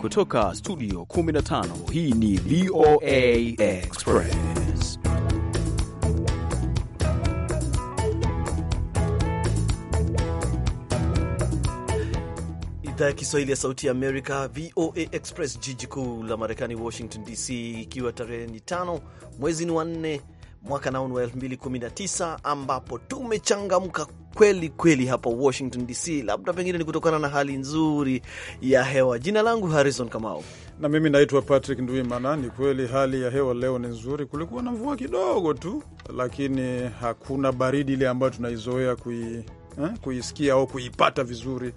Kutoka studio 15 hii ni VOA Express. Idhaa ya Kiswahili ya Sauti ya Amerika, VOA Express, jiji kuu la Marekani, Washington DC, ikiwa tarehe ni tano mwezi ni wa nne mwaka naunu wa 2019 ambapo tumechangamka kweli kweli hapa Washington DC, labda pengine ni kutokana na hali nzuri ya hewa. Jina langu Harrison Kamau na mimi naitwa Patrick Ndwimana. Ni kweli hali ya hewa leo ni nzuri, kulikuwa na mvua kidogo tu, lakini hakuna baridi ile ambayo tunaizoea kui, eh, kuisikia au kuipata vizuri.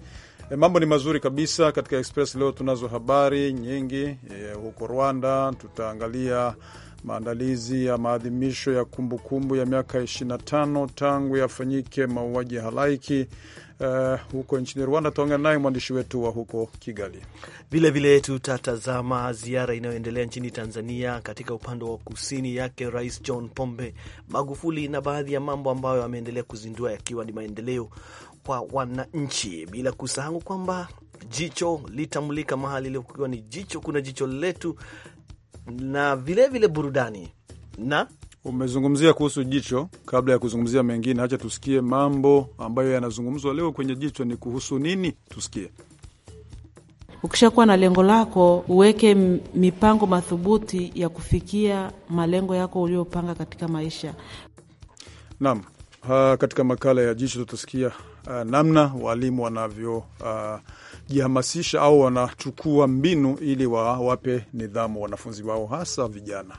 E, mambo ni mazuri kabisa. Katika Express leo tunazo habari nyingi e, huko Rwanda tutaangalia maandalizi ya maadhimisho ya kumbukumbu kumbu ya miaka 25 tangu yafanyike mauaji halaiki Uh, huko nchini Rwanda tuongea naye mwandishi wetu wa huko Kigali. Vilevile tutatazama ziara inayoendelea nchini Tanzania katika upande wa kusini yake Rais John Pombe Magufuli na baadhi ya mambo ambayo ameendelea kuzindua yakiwa ni maendeleo kwa wananchi, bila kusahau kwamba jicho litamulika mahali leo, ni jicho, kuna jicho letu na vilevile vile burudani na umezungumzia kuhusu jicho. Kabla ya kuzungumzia mengine, hacha tusikie mambo ambayo yanazungumzwa leo kwenye jicho. Ni kuhusu nini? Tusikie. Ukishakuwa na lengo lako, uweke mipango madhubuti ya kufikia malengo yako uliopanga katika maisha. Naam, ah, katika makala ya jicho tutasikia uh, namna walimu wanavyo uh, wanajihamasisha au wanachukua mbinu ili wawape nidhamu wanafunzi wao hasa vijana.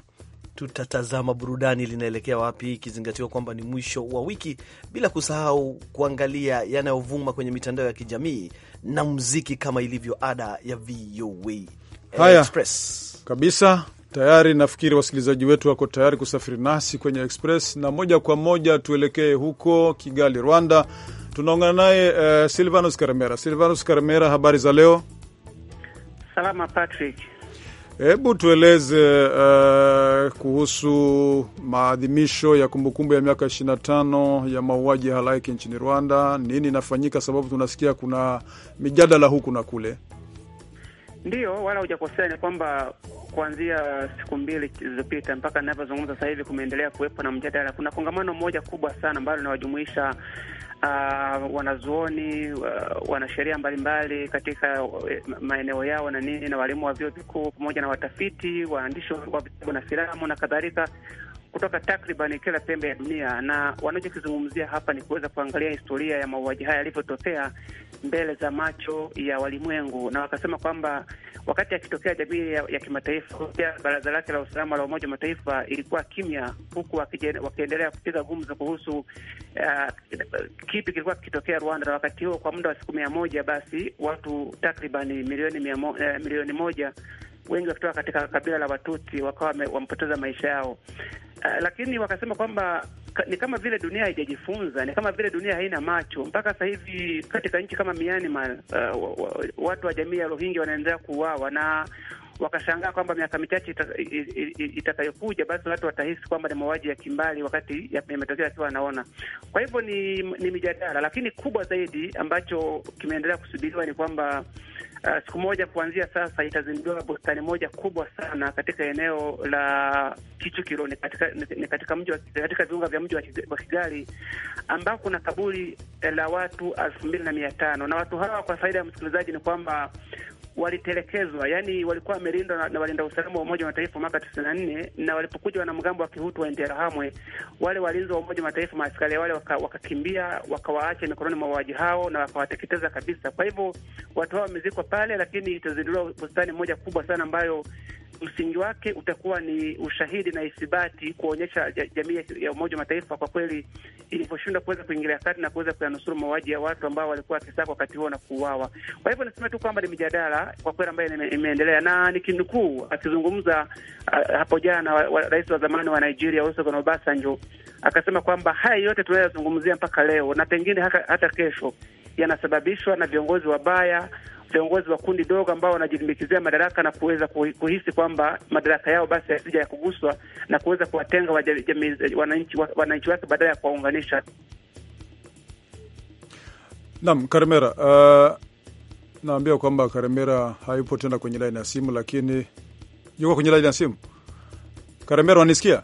Tutatazama burudani linaelekea wapi, ikizingatiwa kwamba ni mwisho wa wiki, bila kusahau kuangalia yanayovuma kwenye mitandao ya kijamii na muziki, kama ilivyo ada ya VOA Express kabisa. Tayari nafikiri wasikilizaji wetu wako tayari kusafiri nasi kwenye Express, na moja kwa moja tuelekee huko Kigali, Rwanda Tunaongana naye uh, Silvanus Karemera. Silvanus Karemera, habari za leo? Salama Patrick. Hebu tueleze uh, kuhusu maadhimisho ya kumbukumbu ya miaka 25 ya mauaji halaiki nchini Rwanda. Nini inafanyika? Sababu tunasikia kuna mijadala huku na kule. Ndiyo, wala hujakosea, ni kwamba kuanzia siku mbili zilizopita mpaka ninavyozungumza sasa hivi kumeendelea kuwepo na mjadala. Kuna kongamano moja kubwa sana ambalo linawajumuisha uh, wanazuoni uh, wanasheria mbalimbali katika uh, maeneo yao na nini na walimu wa vyuo vikuu pamoja na watafiti, waandishi wa vitabu na filamu na kadhalika kutoka takriban kila pembe ya dunia, na wanachokizungumzia hapa ni kuweza kuangalia historia ya mauaji haya yalivyotokea mbele za macho ya walimwengu, na wakasema kwamba wakati akitokea jamii ya, ya kimataifa, baraza lake la usalama la Umoja wa Mataifa ilikuwa kimya, huku wakiendelea kupiga gumzo kuhusu uh, kipi kilikuwa kikitokea Rwanda. Na wakati huo kwa muda wa siku mia moja basi watu takriban milioni, eh, milioni moja wengi wakitoka katika kabila la Watuti wakawa wamepoteza maisha yao. Uh, lakini wakasema kwamba ni kama vile dunia haijajifunza, ni kama vile dunia haina macho. Mpaka sasa hivi katika nchi kama Myanmar, uh, watu wa jamii ya Rohingya wanaendelea kuuawa na wakashangaa kwamba miaka michache itakayokuja basi watu watahisi kwamba ni mauaji ya kimbali, wakati yametokea akiwa anaona. Kwa hivyo ni, ni mijadala, lakini kubwa zaidi ambacho kimeendelea kusubiriwa ni kwamba Uh, siku moja kuanzia sasa itazindua bustani moja kubwa sana katika eneo la ni katika, katika, katika viunga vya mji wa Kigali ambako kuna kaburi eh, la watu elfu mbili na mia tano na watu hawa, kwa faida ya msikilizaji, ni kwamba walitelekezwa, yani walikuwa wamelindwa na, na walinda usalama wa Umoja wa Mataifa mwaka tisini na nne na walipokuja wanamgambo wa kihutu wa Interahamwe, wale walinzi wa Umoja wa Mataifa maaskari wale wakakimbia waka wakawaacha mikononi mwa wauaji hao na wakawateketeza kabisa. Kwa hivyo watu hao wamezikwa pale, lakini itazinduliwa bustani moja kubwa sana ambayo msingi wake utakuwa ni ushahidi na ithibati kuonyesha jamii ya Umoja wa Mataifa kwa kweli ilivyoshindwa kuweza kuingilia kati na kuweza kuyanusuru mauaji ya watu ambao walikuwa wakisaka wakati huo na kuuawa. Kwa hivyo nasema tu kwamba ni mijadala kwa kweli ambayo imeendelea, na nikinukuu akizungumza uh, hapo jana rais wa zamani wa Nigeria Olusegun Obasanjo akasema kwamba haya yote tunayozungumzia mpaka leo na pengine hata kesho yanasababishwa na viongozi wabaya viongozi wa kundi dogo ambao wanajilimbikizia madaraka na kuweza kuhisi kwamba madaraka yao basi yasija ya kuguswa na kuweza kuwatenga wananchi wananchi wake badala ya kuwaunganisha. Naam, Karemera, uh, naambia kwamba Karemera hayupo tena kwenye laini ya simu, lakini yuko kwenye laini ya simu. Karemera, wanisikia?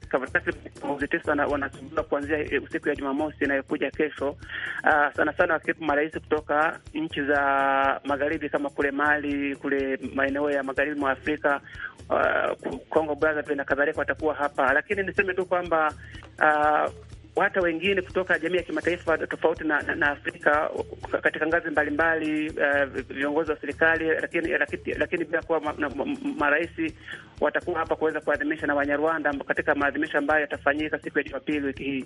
takriban wanasubiriwa kuanzia eh, usiku ya Jumamosi inayokuja kesho. Uh, sana sana wakiwepo marais kutoka nchi za magharibi kama kule Mali, kule maeneo ya magharibi mwa Afrika, uh, ah, Kongo Brazzaville na kadhalika watakuwa hapa, lakini niseme tu kwamba uh, hata wengine kutoka jamii ya kimataifa tofauti na, na, na Afrika katika ngazi mbalimbali uh, viongozi wa serikali, lakini lakini, lakini bila kuwa ma, marais watakuwa hapa kuweza kuadhimisha na Wanyarwanda katika maadhimisho ambayo yatafanyika siku ya Jumapili wiki hii.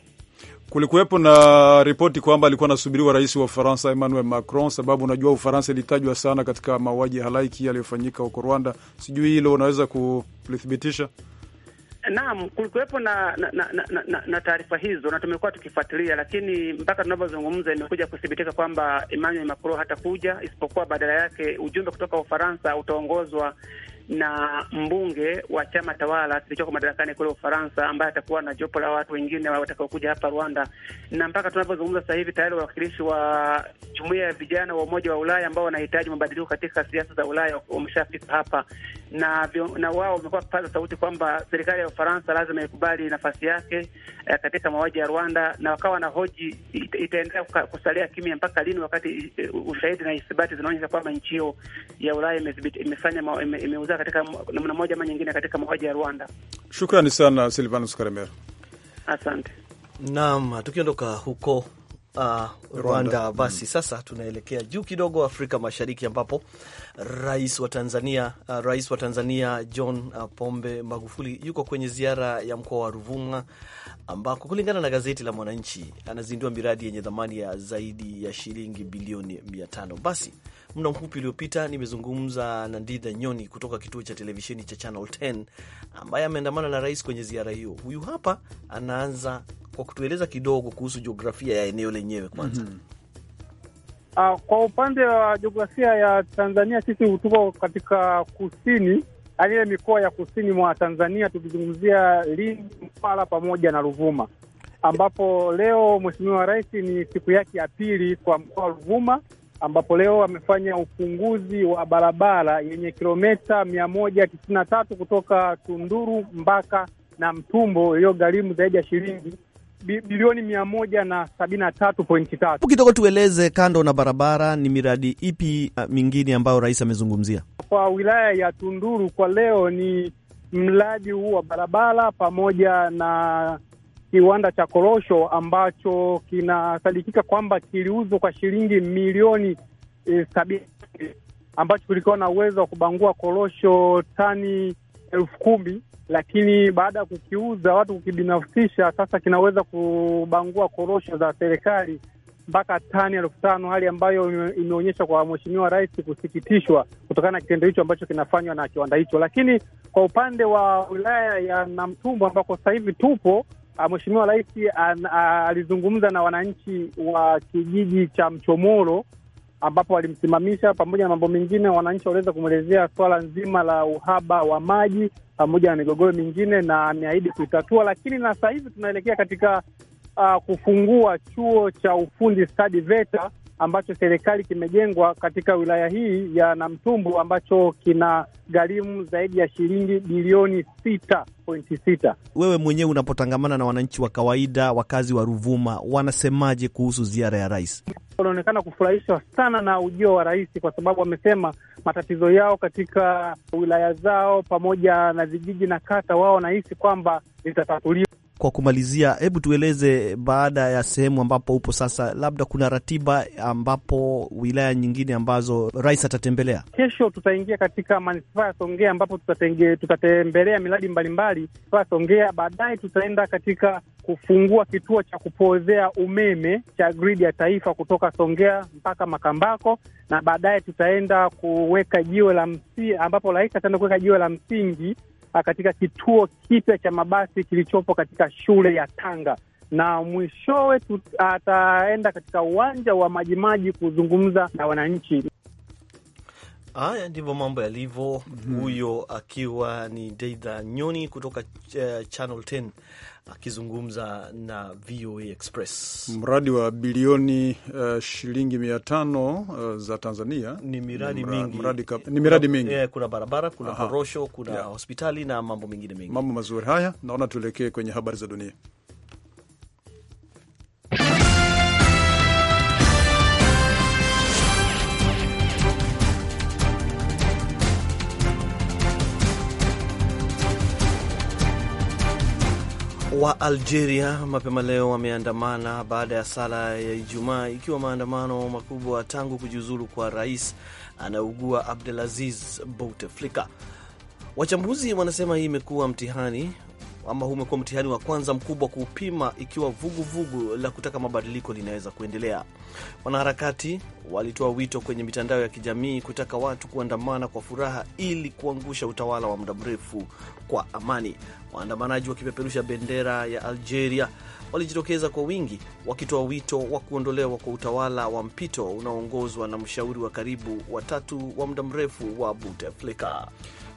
Kulikuwepo na ripoti kwamba alikuwa anasubiriwa rais wa Ufaransa Emmanuel Macron, sababu unajua Ufaransa ilitajwa sana katika mauaji halaiki yaliyofanyika huko Rwanda. Sijui hilo unaweza kulithibitisha? Naam, kulikuwepo na na, na, na, na, na taarifa hizo na tumekuwa tukifuatilia, lakini mpaka tunavyozungumza imekuja kuthibitika kwamba Emmanuel Macron hatakuja, isipokuwa badala yake ujumbe kutoka Ufaransa utaongozwa na mbunge wa chama tawala kilichoko madarakani kule Ufaransa, ambaye atakuwa na jopo la watu wengine watakaokuja hapa Rwanda. Na mpaka tunavyozungumza sasa hivi tayari wawakilishi wa jumuiya ya vijana wa Umoja wa Ulaya ambao wanahitaji mabadiliko katika siasa za Ulaya wameshafika hapa na, na wao wamekuwa wakipaza sauti kwamba serikali ya Ufaransa lazima ikubali nafasi yake eh, katika mauaji ya Rwanda, na wakawa na hoji ita, itaendelea kusalia kimya mpaka lini, wakati uh, ushahidi na ithibati zinaonyesha kwamba nchi hiyo ya Ulaya imefanya ime, katika namna moja ama nyingine katika mauaji ya Rwanda. Shukrani sana Silvanus Karemera, asante. Naam, tukiondoka huko uh, Rwanda, Rwanda. Mm. Basi sasa tunaelekea juu kidogo Afrika Mashariki ambapo rais wa Tanzania uh, rais wa Tanzania John uh, Pombe Magufuli yuko kwenye ziara ya mkoa wa Ruvuma ambako kulingana na gazeti la Mwananchi anazindua miradi yenye thamani ya zaidi ya shilingi bilioni mia tano. Basi muda mfupi uliopita nimezungumza na ndidha Nyoni kutoka kituo cha televisheni cha Channel 10 ambaye ameandamana na rais kwenye ziara hiyo. Huyu hapa anaanza kwa kutueleza kidogo kuhusu jiografia ya eneo lenyewe kwanza. mm -hmm. Uh, kwa upande wa jiografia ya Tanzania sisi tuko katika kusini, yaani ile mikoa ya kusini mwa Tanzania, tukizungumzia Lindi, Mtwara pamoja na Ruvuma, ambapo leo Mheshimiwa Rais ni siku yake ya pili kwa mkoa wa Ruvuma ambapo leo wamefanya ufunguzi wa barabara yenye kilometa mia moja tisini na tatu kutoka Tunduru mpaka na Mtumbo iliyogharimu zaidi ya shilingi bilioni mia moja na sabini na tatu pointi tatu. Ukitoka tueleze, kando na barabara ni miradi ipi ah, mingine ambayo rais amezungumzia kwa wilaya ya Tunduru kwa leo? Ni mradi huu wa barabara pamoja na kiwanda cha korosho ambacho kinasadikika kwamba kiliuzwa kwa shilingi milioni e, sabini ambacho kilikuwa na uwezo wa kubangua korosho tani elfu kumi lakini baada ya kukiuza watu kukibinafsisha, sasa kinaweza kubangua korosho za serikali mpaka tani elfu tano hali ambayo imeonyesha kwa Mheshimiwa Rais kusikitishwa kutokana na kitendo hicho ambacho kinafanywa na kiwanda hicho. Lakini kwa upande wa wilaya ya Namtumbo ambako sasa hivi tupo Ah, Mheshimiwa Rais alizungumza na wananchi wa kijiji cha Mchomoro ambapo walimsimamisha. Pamoja na mambo mengine, wananchi waliweza kumwelezea swala nzima la uhaba wa maji pamoja na migogoro mingine, na ameahidi kuitatua. Lakini na sasa hivi tunaelekea katika uh, kufungua chuo cha ufundi stadi VETA ambacho serikali kimejengwa katika wilaya hii ya namtumbu ambacho kina gharimu zaidi ya shilingi bilioni sita pointi sita. Wewe mwenyewe unapotangamana na wananchi wa kawaida, wakazi wa Ruvuma, wanasemaje kuhusu ziara ya rais? Wanaonekana kufurahishwa sana na ujio wa rais, kwa sababu wamesema matatizo yao katika wilaya zao pamoja na vijiji na kata, wao wanahisi kwamba litatatuliwa kwa kumalizia, hebu tueleze, baada ya sehemu ambapo upo sasa, labda kuna ratiba ambapo wilaya nyingine ambazo rais atatembelea. Kesho tutaingia katika manispaa ya Songea ambapo tutatenge, tutatembelea miradi mbalimbali manispaa Songea. Baadaye tutaenda katika kufungua kituo cha kupozea umeme cha gridi ya taifa kutoka Songea mpaka Makambako, na baadaye tutaenda kuweka jiwe la msi, ambapo rais ataenda kuweka jiwe la msingi Uh, katika kituo kipya cha mabasi kilichopo katika shule ya Tanga, na mwishowe uh, ataenda katika uwanja wa Majimaji kuzungumza na wananchi. Haya ndivyo mambo yalivyo, mhm. huyo mm -hmm. akiwa ni Deidha Nyoni kutoka uh, Channel 10 akizungumza na VOA Express. Mradi wa bilioni uh, shilingi mia tano uh, za Tanzania ni miradi mingi, mradi ka, ni miradi mingi. Yeah, kuna barabara, kuna Aha, korosho, kuna yeah, hospitali na mambo mengine mengi, mambo mazuri haya. Naona tuelekee kwenye habari za dunia. wa Algeria mapema leo wameandamana baada ya sala ya Ijumaa, ikiwa maandamano makubwa tangu kujiuzulu kwa rais anayeugua Abdelaziz Bouteflika. Wachambuzi wanasema hii imekuwa mtihani ama huu umekuwa mtihani wa kwanza mkubwa kuupima ikiwa vuguvugu vugu la kutaka mabadiliko linaweza kuendelea. Wanaharakati walitoa wito kwenye mitandao ya kijamii kutaka watu kuandamana kwa furaha ili kuangusha utawala wa muda mrefu kwa amani. Waandamanaji wakipeperusha bendera ya Algeria walijitokeza kwa wingi wakitoa wito wa kuondolewa kwa utawala wa mpito unaoongozwa na mshauri wa karibu watatu wa muda mrefu wa Bouteflika.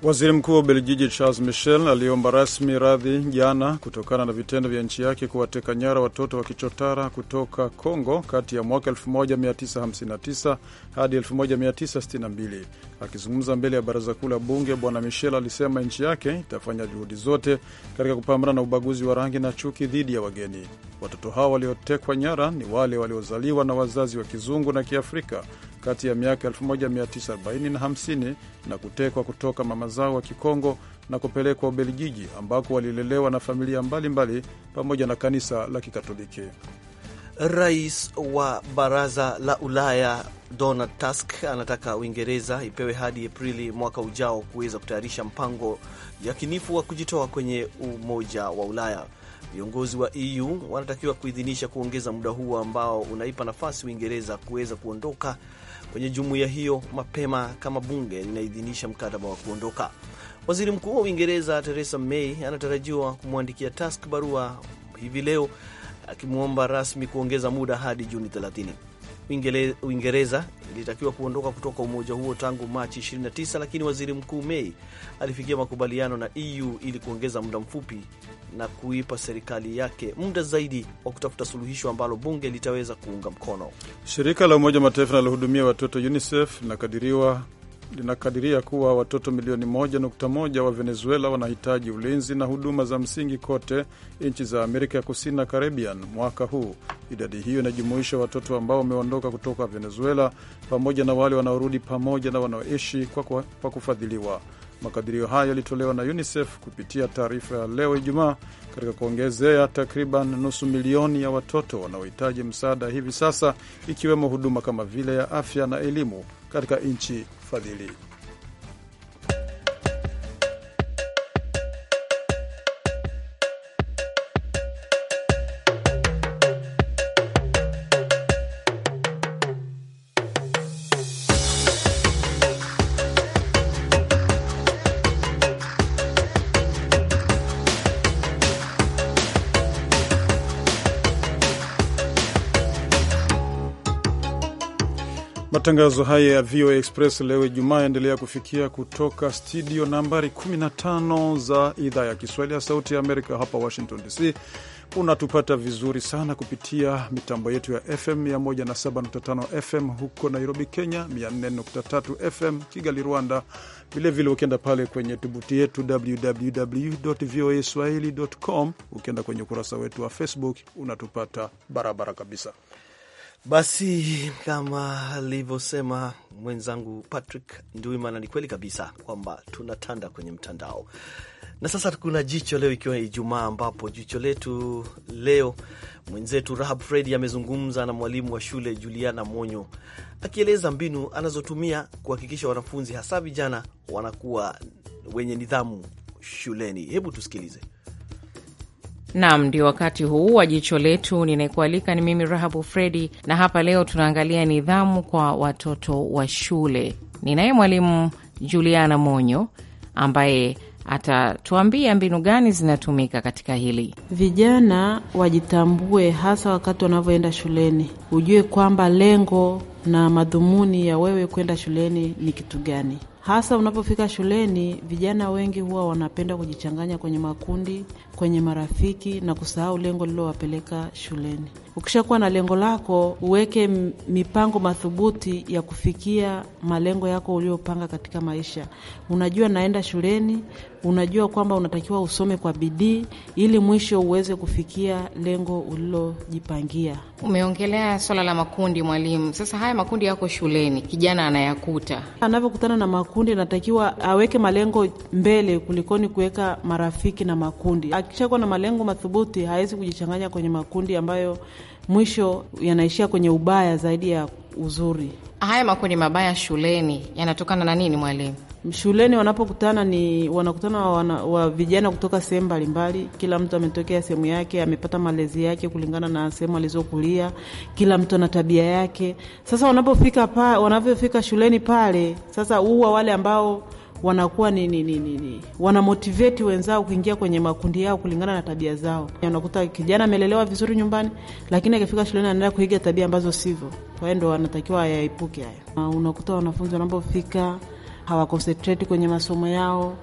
Waziri Mkuu wa Ubelgiji Charles Michel aliomba rasmi radhi jana kutokana na vitendo vya nchi yake kuwateka nyara watoto wa kichotara kutoka congo kati ya mwaka 1959 hadi 1962. Akizungumza mbele ya baraza kuu la bunge, Bwana Michel alisema nchi yake itafanya juhudi zote katika kupambana na ubaguzi wa rangi na chuki dhidi ya wageni. Watoto hao waliotekwa nyara ni wale waliozaliwa na wazazi wa kizungu na Kiafrika kati ya miaka 1940 na 50 na kutekwa kutoka mama mazao wa Kikongo na kupelekwa Ubelgiji ambako walilelewa na familia mbalimbali mbali, pamoja na kanisa la Kikatoliki. Rais wa Baraza la Ulaya Donald Tusk anataka Uingereza ipewe hadi Aprili mwaka ujao kuweza kutayarisha mpango yakinifu wa kujitoa kwenye Umoja wa Ulaya. Viongozi wa EU wanatakiwa kuidhinisha kuongeza muda huo ambao unaipa nafasi Uingereza kuweza kuondoka kwenye jumuiya hiyo mapema kama bunge linaidhinisha mkataba wa kuondoka. Waziri Mkuu wa Uingereza Theresa May anatarajiwa kumwandikia Task barua hivi leo akimwomba rasmi kuongeza muda hadi Juni 30. Uingereza ilitakiwa kuondoka kutoka umoja huo tangu Machi 29, lakini waziri mkuu May alifikia makubaliano na EU ili kuongeza muda mfupi na kuipa serikali yake muda zaidi wa kutafuta suluhisho ambalo bunge litaweza kuunga mkono. Shirika la Umoja Mataifa linalohudumia watoto UNICEF linakadiriwa linakadiria kuwa watoto milioni 1.1 wa Venezuela wanahitaji ulinzi na huduma za msingi kote nchi za Amerika ya Kusini na Caribbean mwaka huu. Idadi hiyo inajumuisha watoto ambao wameondoka kutoka Venezuela pamoja na wale wanaorudi pamoja na wanaoishi kwa, kwa, kwa kufadhiliwa. Makadirio hayo yalitolewa na UNICEF kupitia taarifa ya leo Ijumaa, katika kuongezea takriban nusu milioni ya watoto wanaohitaji msaada hivi sasa, ikiwemo huduma kama vile ya afya na elimu katika nchi fadhili. Matangazo haya ya VOA Express leo Ijumaa yaendelea kufikia kutoka studio nambari 15 za idhaa ya Kiswahili ya Sauti ya Amerika hapa Washington DC. Unatupata vizuri sana kupitia mitambo yetu ya FM 107.5 FM huko Nairobi, Kenya, 104.3 FM Kigali, Rwanda, vilevile ukienda pale kwenye tovuti yetu www voa swahili com, ukienda kwenye ukurasa wetu wa Facebook unatupata barabara kabisa. Basi kama alivyosema mwenzangu Patrick Nduimana, ni kweli kabisa kwamba tunatanda kwenye mtandao. Na sasa kuna jicho leo, ikiwa Ijumaa, ambapo jicho letu leo mwenzetu Rahab Fredi amezungumza na mwalimu wa shule Juliana Monyo akieleza mbinu anazotumia kuhakikisha wanafunzi hasa vijana wanakuwa wenye nidhamu shuleni. Hebu tusikilize. Nam, ndio wakati huu wa jicho letu. Ninayekualika ni mimi Rahabu Fredi, na hapa leo tunaangalia nidhamu kwa watoto wa shule. Ninaye mwalimu Juliana Monyo ambaye atatuambia mbinu gani zinatumika katika hili. Vijana wajitambue, hasa wakati wanavyoenda shuleni, ujue kwamba lengo na madhumuni ya wewe kwenda shuleni ni kitu gani hasa unapofika shuleni. Vijana wengi huwa wanapenda kujichanganya kwenye makundi, kwenye marafiki na kusahau lengo lililowapeleka shuleni. Ukishakuwa na lengo lako, uweke mipango madhubuti ya kufikia malengo yako uliopanga katika maisha. Unajua naenda shuleni, unajua kwamba unatakiwa usome kwa bidii ili mwisho uweze kufikia lengo ulilojipangia. Umeongelea swala la makundi, mwalimu. Sasa haya makundi yako shuleni, kijana anayakuta, anavyokutana na makundi, anatakiwa aweke malengo mbele kulikoni kuweka marafiki na makundi akishakuwa na malengo mathubuti hawezi kujichanganya kwenye makundi ambayo mwisho yanaishia kwenye ubaya zaidi ya uzuri. Haya makundi mabaya shuleni yanatokana na nini, mwalimu? Shuleni wanapokutana ni wanakutana wana, wa vijana kutoka sehemu mbalimbali. Kila mtu ametokea sehemu yake, amepata malezi yake kulingana na sehemu alizokulia. Kila mtu ana tabia yake. Sasa wanapofika pa, wanavyofika shuleni pale, sasa huwa wale ambao wanakuwa ni, ni, ni, ni, wanamotiveti wenzao kuingia kwenye makundi yao kulingana na tabia zao. Unakuta kijana amelelewa vizuri nyumbani, lakini akifika shuleni anaenda kuiga tabia ambazo sivyo. Kwa hiyo ndo wanatakiwa ayaepuke haya. Unakuta wanafunzi wanapofika hawakonsentreti kwenye masomo yao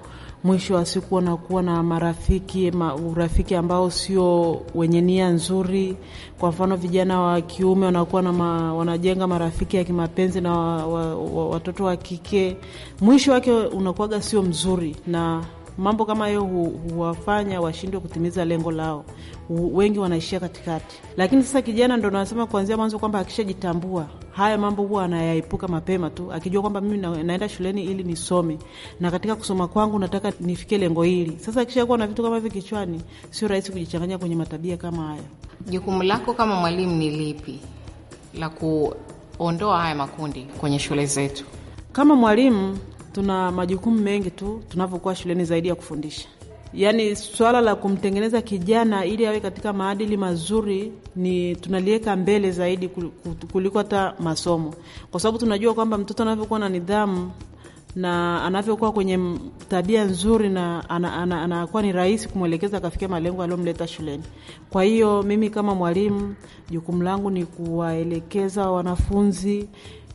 mwisho wa siku wanakuwa na marafiki ma, urafiki ambao sio wenye nia nzuri. Kwa mfano, vijana wa kiume wanakuwa na ma, wanajenga marafiki ya kimapenzi na wa, wa, wa, watoto wa kike, mwisho wake unakuwaga sio mzuri na mambo kama hu, huwafanya washindwe kutimiza lengo lao, wengi wanaishia katikati. Lakini sasa kijana ndo nasema kuanzia mwanzo kwamba akishajitambua haya mambo huwa anayaepuka mapema tu, akijua kwamba mimi na, naenda shuleni ili nisome, na katika kusoma kwangu nataka nifikie lengo hili. Sasa akishakuwa na vitu kama hivyo kichwani, sio rahisi kujichanganya kwenye matabia kama haya. Jukumu lako kama mwalimu ni lipi la kuondoa haya makundi kwenye shule zetu? Kama mwalimu tuna majukumu mengi tu tunavyokuwa shuleni zaidi ya kufundisha. Yaani swala la kumtengeneza kijana ili awe katika maadili mazuri ni tunaliweka mbele zaidi kuliko hata masomo, kwa sababu tunajua kwamba mtoto anavyokuwa na nidhamu na anavyokuwa kwenye tabia nzuri na anakuwa ana, ana, ana, ni rahisi kumwelekeza akafikia malengo aliyomleta shuleni. Kwa hiyo mimi kama mwalimu, jukumu langu ni kuwaelekeza wanafunzi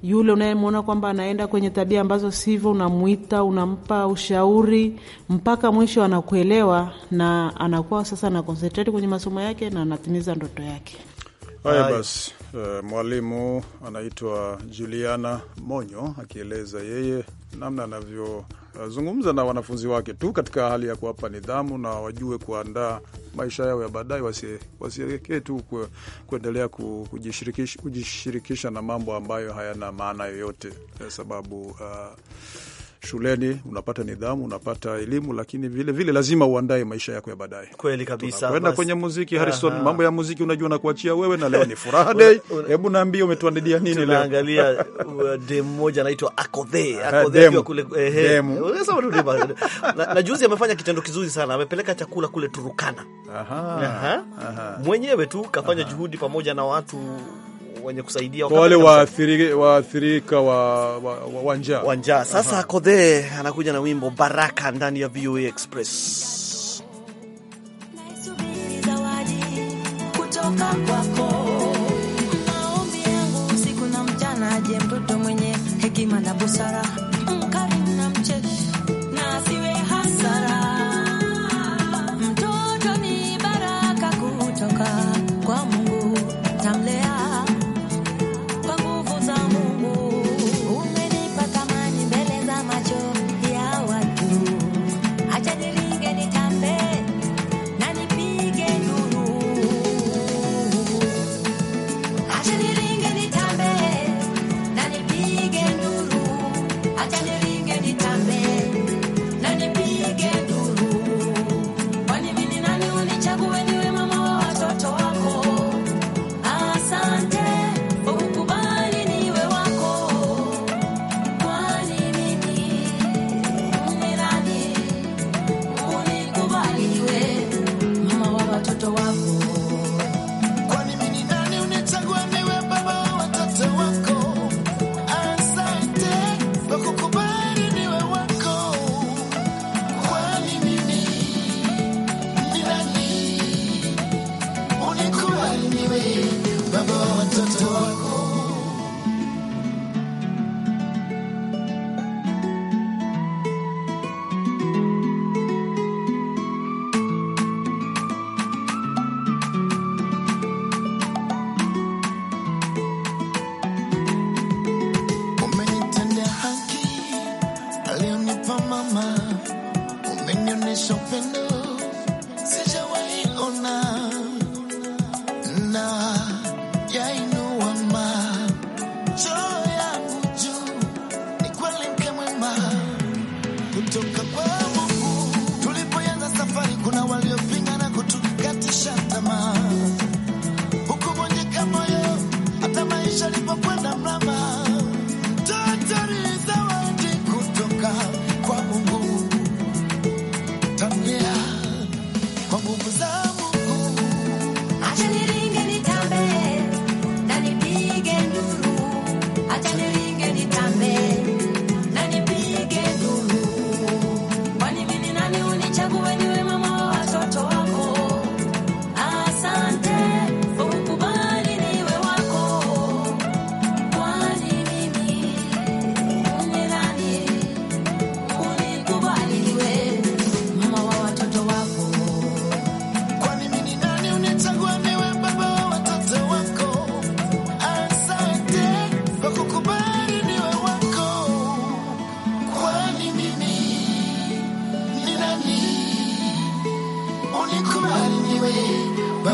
yule unayemwona kwamba anaenda kwenye tabia ambazo sivyo, unamwita, unampa ushauri mpaka mwisho anakuelewa, na anakuwa sasa na concentrate kwenye masomo yake na anatimiza ndoto yake. Haya basi, uh, mwalimu anaitwa Juliana Monyo akieleza yeye namna anavyozungumza uh, na wanafunzi wake tu katika hali ya kuwapa nidhamu na wajue kuandaa maisha yao ya baadaye, wasielekee tu kuendelea kujishirikisha na mambo ambayo hayana maana yoyote, eh, sababu uh, shuleni, unapata nidhamu, unapata elimu, lakini vile vile lazima uandae maisha yako ya baadaye. Kweli kabisa. Kwenda kwenye muziki, Harrison, mambo ya muziki unajua nakuachia wewe, na leo ni furaha day. Hebu naambia umetuandidia nini leo? Tunaangalia uh, dem anaitwa kule eh, eh. na juzi amefanya kitendo kizuri sana, amepeleka chakula kule Turukana. Aha, aha, mwenyewe tu kafanya juhudi pamoja na watu wenye kusaidia wale waathirika waathiri wa, wa, wa njaa wa njaa. Sasa uh -huh. Kodhe anakuja na wimbo Baraka ndani ya VOA Express mwenye hekima na busara 困难万。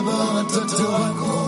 na watoto wako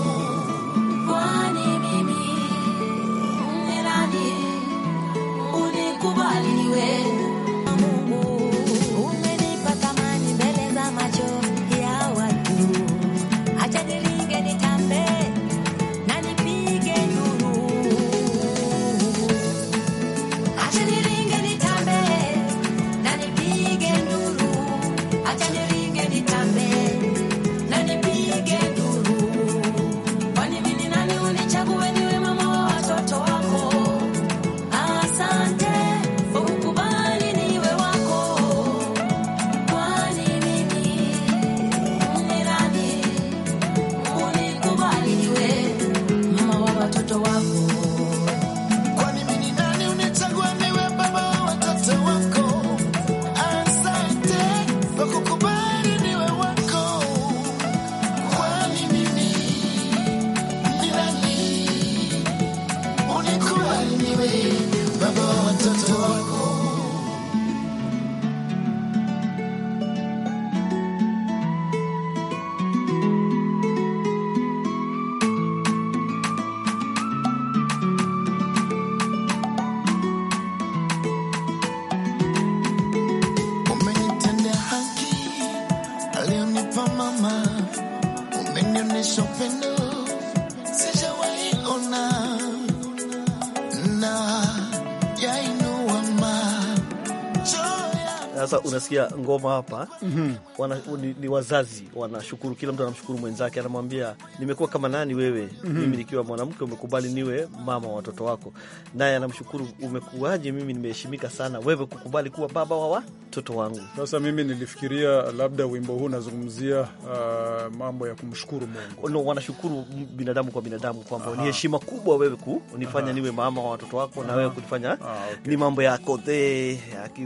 unaposikia ngoma hapa mm -hmm. wana, ni, ni wazazi wanashukuru, kila mtu anamshukuru mwenzake, anamwambia nimekuwa kama nani wewe mm -hmm. mimi nikiwa mwanamke umekubali niwe mama wa watoto wako, naye anamshukuru, umekuwaje? Mimi nimeheshimika sana wewe kukubali kuwa baba wa watoto wangu. Sasa mimi nilifikiria labda wimbo huu unazungumzia uh, mambo ya kumshukuru Mungu. No, wanashukuru binadamu kwa binadamu kwamba ni heshima kubwa wewe kunifanya niwe mama wa watoto wako Aha. na wewe kunifanya ah, okay. ni mambo ya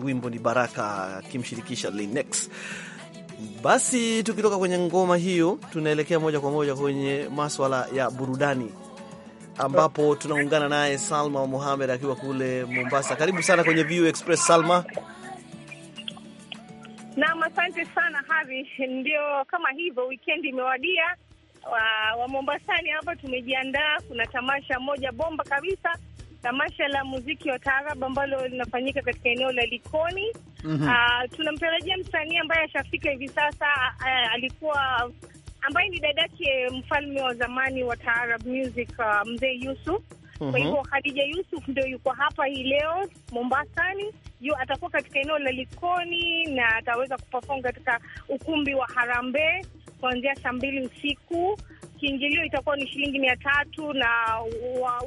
wimbo ni baraka kimshi kushirikisha Linux. Basi tukitoka kwenye ngoma hiyo, tunaelekea moja kwa moja kwenye maswala ya burudani ambapo tunaungana naye Salma Mohamed akiwa kule Mombasa. Karibu sana kwenye VU Express, Salma. Naam, asante sana Havi. Ndio, kama hivyo, wikendi imewadia wa, wa Mombasani hapa tumejiandaa. Kuna tamasha moja bomba kabisa tamasha la muziki wa taarab ambalo linafanyika katika eneo la Likoni. mm -hmm. Uh, tunamtarajia msanii ambaye ashafika hivi sasa uh, alikuwa ambaye ni dadake mfalme wa zamani wa taarab music uh, mzee Yusuf. Kwa mhm. hivyo Khadija Yusuf ndio yuko hapa hii leo Mombasani, yu atakuwa katika eneo la Likoni na ataweza kuperform katika ukumbi wa Harambee kuanzia saa mbili usiku kiingilio itakuwa ni shilingi mia tatu na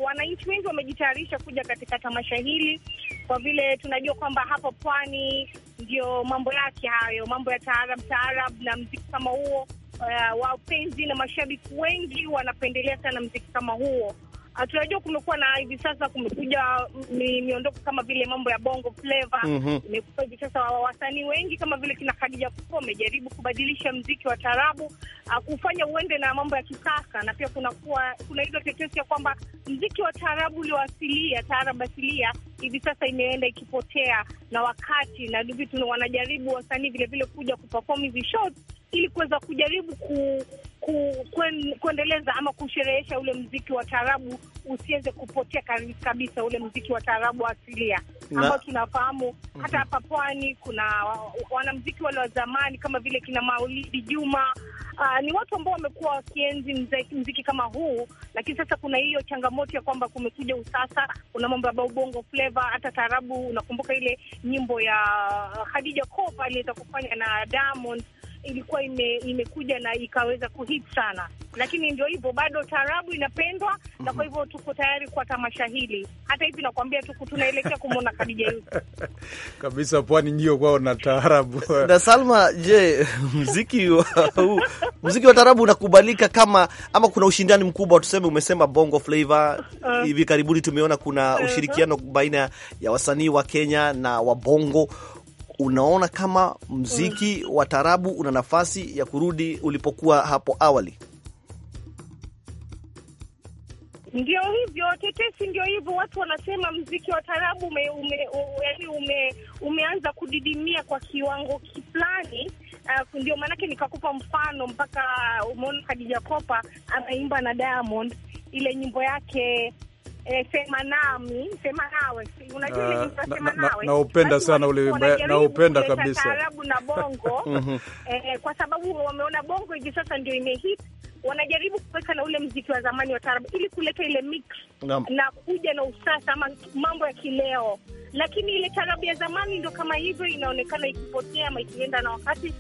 wananchi wengi wamejitayarisha kuja katika tamasha hili kwa vile tunajua kwamba hapa pwani ndio mambo yake hayo, mambo ya taarab taarab na mziki kama huo. Uh, wapenzi na mashabiki wengi wanapendelea sana mziki kama huo tunajua kumekuwa na hivi sasa kumekuja miondoko kama vile mambo ya bongo flava mhm. imekuwa hivi sasa, wasanii wengi kama vile kina Khadija Kopo wamejaribu kubadilisha mziki wa tarabu ah, kufanya uende na mambo ya kisasa, na pia kunakuwa kuna hizo tetesi ya kwamba mziki wa tarabu ulioasilia, taarabu asilia hivi sasa imeenda ikipotea na wakati, na vitu wanajaribu wasanii vilevile kuja kuperform hizi shows ili kuweza kujaribu ku, ku, kuen, kuendeleza ama kusherehesha ule mziki wa taarabu usiweze kupotea kabisa, ule mziki wa taarabu asilia ambao tunafahamu mhm. hata hapa pwani kuna wanamziki wale wa zamani kama vile kina Maulidi Juma. Uh, ni watu ambao wamekuwa wakienzi mziki, kama huu, lakini sasa kuna hiyo changamoto ya kwamba kumekuja usasa, kuna mambo ya baubongo fleva, hata taarabu. Unakumbuka ile nyimbo ya Khadija Kopa aliweza kufanya na Diamond ilikuwa ime, imekuja na ikaweza kuhit sana, lakini ndio hivyo, bado taarabu inapendwa mm -hmm. Na kwa hivyo tuko tayari kwa tamasha hili, hata hivi nakwambia tuku tunaelekea kumwona Khadija Yusuf kabisa. Pwani nyio kwao na taarabu na Salma. Je, mziki wa huu mziki wa taarabu unakubalika kama ama kuna ushindani mkubwa? Tuseme umesema bongo hivi uh, uh-huh. hivi karibuni tumeona kuna uh-huh. ushirikiano uh -huh. baina ya wasanii wa Kenya na wa bongo unaona kama mziki wa tarabu una nafasi ya kurudi ulipokuwa hapo awali? Ndio hivyo, tetesi ndio hivyo. Watu wanasema mziki wa tarabu ume, ume, ume, ume, umeanza kudidimia kwa kiwango kifulani. Uh, ndio maanake nikakupa mfano, mpaka umeona Khadija Kopa anaimba na Diamond ile nyimbo yake Eh, sema nami, sema nawe. Unajua ah, sana ule Naupenda kabisa. na bongo. Mhm. eh, kwa sababu wameona bongo hivi sasa ndio imehit wanajaribu kuweka na ule mziki wa zamani wa taarabu ili kuleta ile mix na kuja na usasa ama mambo ya kileo, lakini ile taarabu ya zamani ndo kama hivyo inaonekana ikipotea ama ikienda na wakati,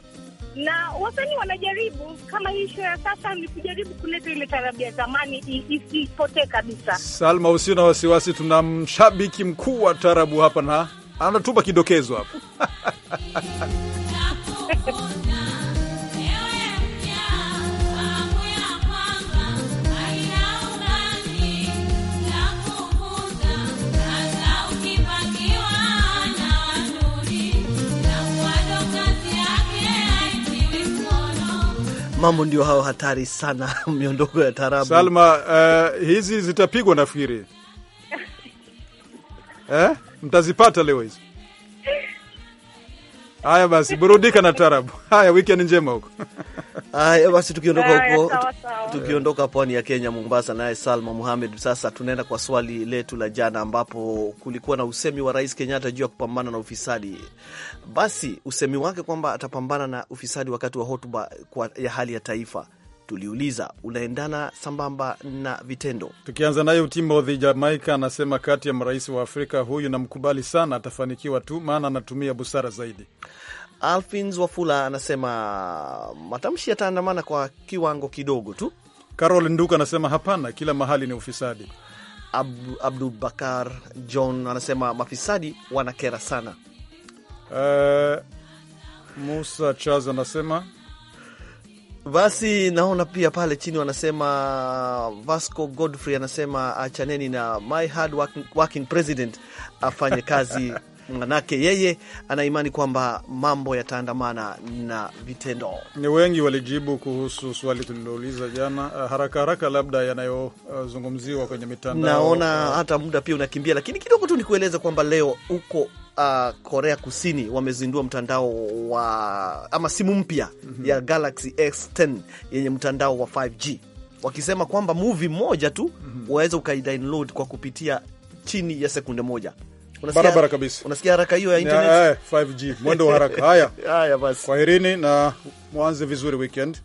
na wasanii wanajaribu kama hii show ya sasa ni kujaribu kuleta ile tarabu ya zamani isipotee kabisa. Salma, usio na wasiwasi, tuna mshabiki mkuu wa tarabu hapa na anatupa kidokezo hapa mambo ndio hao hatari sana miondoko ya tarabu. Salma, uh, hizi zitapigwa nafikiri eh? Mtazipata leo hizi Haya basi, burudika na tarabu. Haya, weekend njema huko. Haya eh, basi, tukiondoka huko, tukiondoka pwani ya Kenya, Mombasa, naye Salma Muhamed. Sasa tunaenda kwa swali letu la jana, ambapo kulikuwa na usemi wa Rais Kenyatta juu ya kupambana na ufisadi. Basi usemi wake kwamba atapambana na ufisadi wakati wa hotuba ya hali ya taifa tuliuliza unaendana sambamba na vitendo. Tukianza naye Timothy Jamaica anasema kati ya marais wa Afrika huyu namkubali sana, atafanikiwa tu, maana anatumia busara zaidi. Alfins Wafula anasema matamshi yataandamana kwa kiwango kidogo tu. Carol Nduka anasema hapana, kila mahali ni ufisadi. Abdubakar John anasema mafisadi wanakera sana. Uh, Musa Chaz anasema basi naona pia pale chini wanasema Vasco Godfrey anasema achaneni na my hard working, working president afanye kazi manake yeye anaimani kwamba mambo yataandamana na vitendo. Ni wengi walijibu kuhusu swali tulilouliza jana. Eh, haraka haraka, labda yanayozungumziwa kwenye mitandao, naona hata muda pia unakimbia, lakini kidogo tu nikueleze kwamba leo huko Uh, Korea Kusini wamezindua mtandao wa ama simu mpya mm -hmm. ya Galaxy S10 yenye mtandao wa 5G wakisema kwamba movie moja tu mm -hmm. waweza ukaidownload kwa kupitia chini ya sekunde moja. Unasikia barabara kabisa, unasikia haraka hiyo ya internet 5G eh, mwendo wa haraka. Haya haya, basi kwaherini na mwanze vizuri weekend.